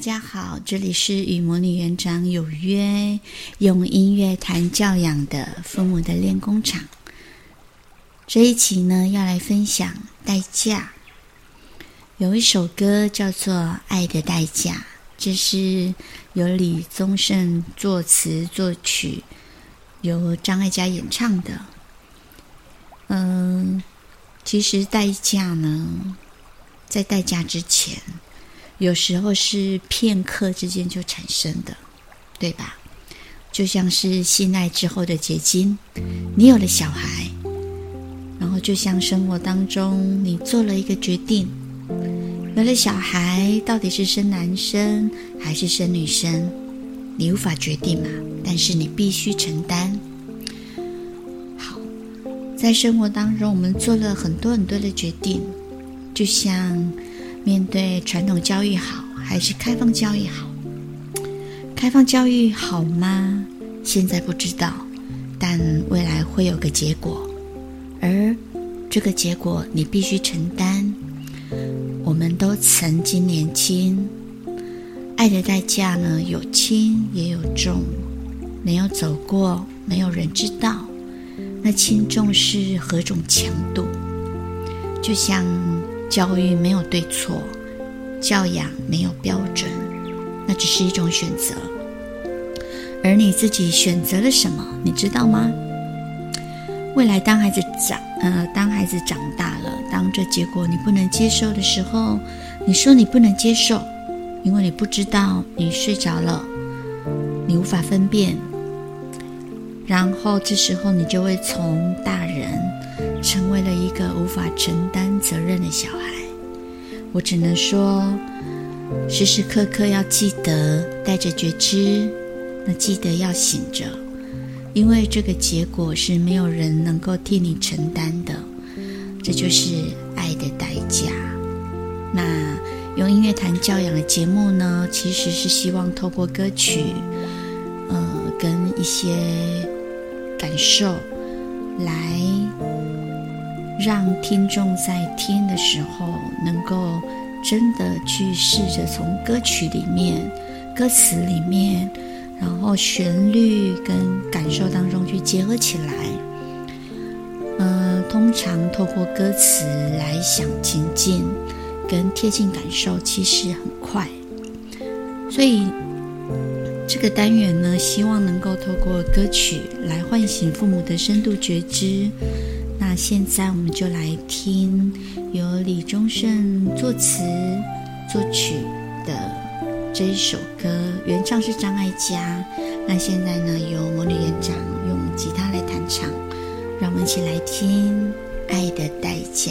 大家好，這裡是與魔女園長有約，用音樂談教養的父母的練功場。這一集呢，要來分享代價。有一首歌叫做《愛的代價》，這是由李宗盛作詞作曲，由張艾嘉演唱的。嗯，其實代價呢，在代價之前。有時候是片刻之間就產生的，對吧？就像是性愛之後的結晶。你有了小孩，然後就像生活當中，你做了一個決定，有了小孩到底是生男生還是生女生，你無法決定嘛？但是你必須承擔。好，在生活當中，我們做了很多很多的決定，就像。面對傳統教育好還是開放教育好？開放教育好嗎？現在不知道，但未來會有個結果，而這個結果你必須承擔。我們都曾經年輕，愛的代價呢？有輕也有重，沒有走過，沒有人知道，那輕重是何種強度？就像。教育沒有對錯，教養沒有標準，那只是一種選擇。而你自己選擇了什麼，你知道嗎？未來當孩子長，呃，當孩子長大了，當這結果你不能接受的時候，你說你不能接受，因為你不知道，你睡着了，你無法分辨。然後這時候你就會從大人。成為了一個無法承擔責任的小孩，我只能說，時時刻刻要記得帶着覺知，那記得要醒着，因為這個結果是沒有人能夠替你承擔的，這就是愛的代價。那用音樂談教養的節目呢，其實是希望透過歌曲，呃，跟一些感受來。讓聽眾在聽的時候，能夠真的去試着從歌曲裡面、歌詞裡面，然後旋律跟感受當中去結合起來。呃，通常透過歌詞來想情境，跟貼近感受，其實很快。所以這個單元呢，希望能夠透過歌曲來喚醒父母的深度覺知。那現在我們就來聽由李宗盛作詞作曲的這一首歌，原唱是張艾嘉。那現在呢，由魔女園長用吉他來彈唱，讓我們一起來聽《愛的代價》。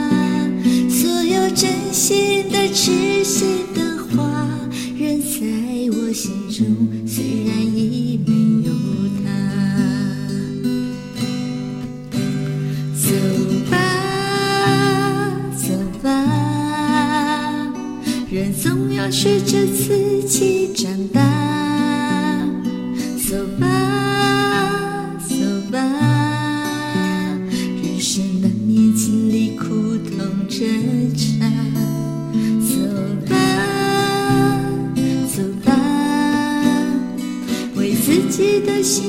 心的痴心的話，仍在我心中，雖然已沒有他。走吧，走吧，人總要學着自己長大。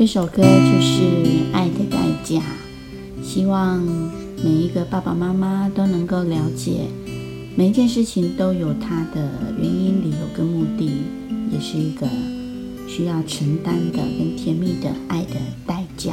這首歌就是《愛的代價》，希望每一個爸爸媽媽都能夠了解，每一件事情都有它的原因、理由跟目的，也是一個需要承擔的跟甜蜜的愛的代價。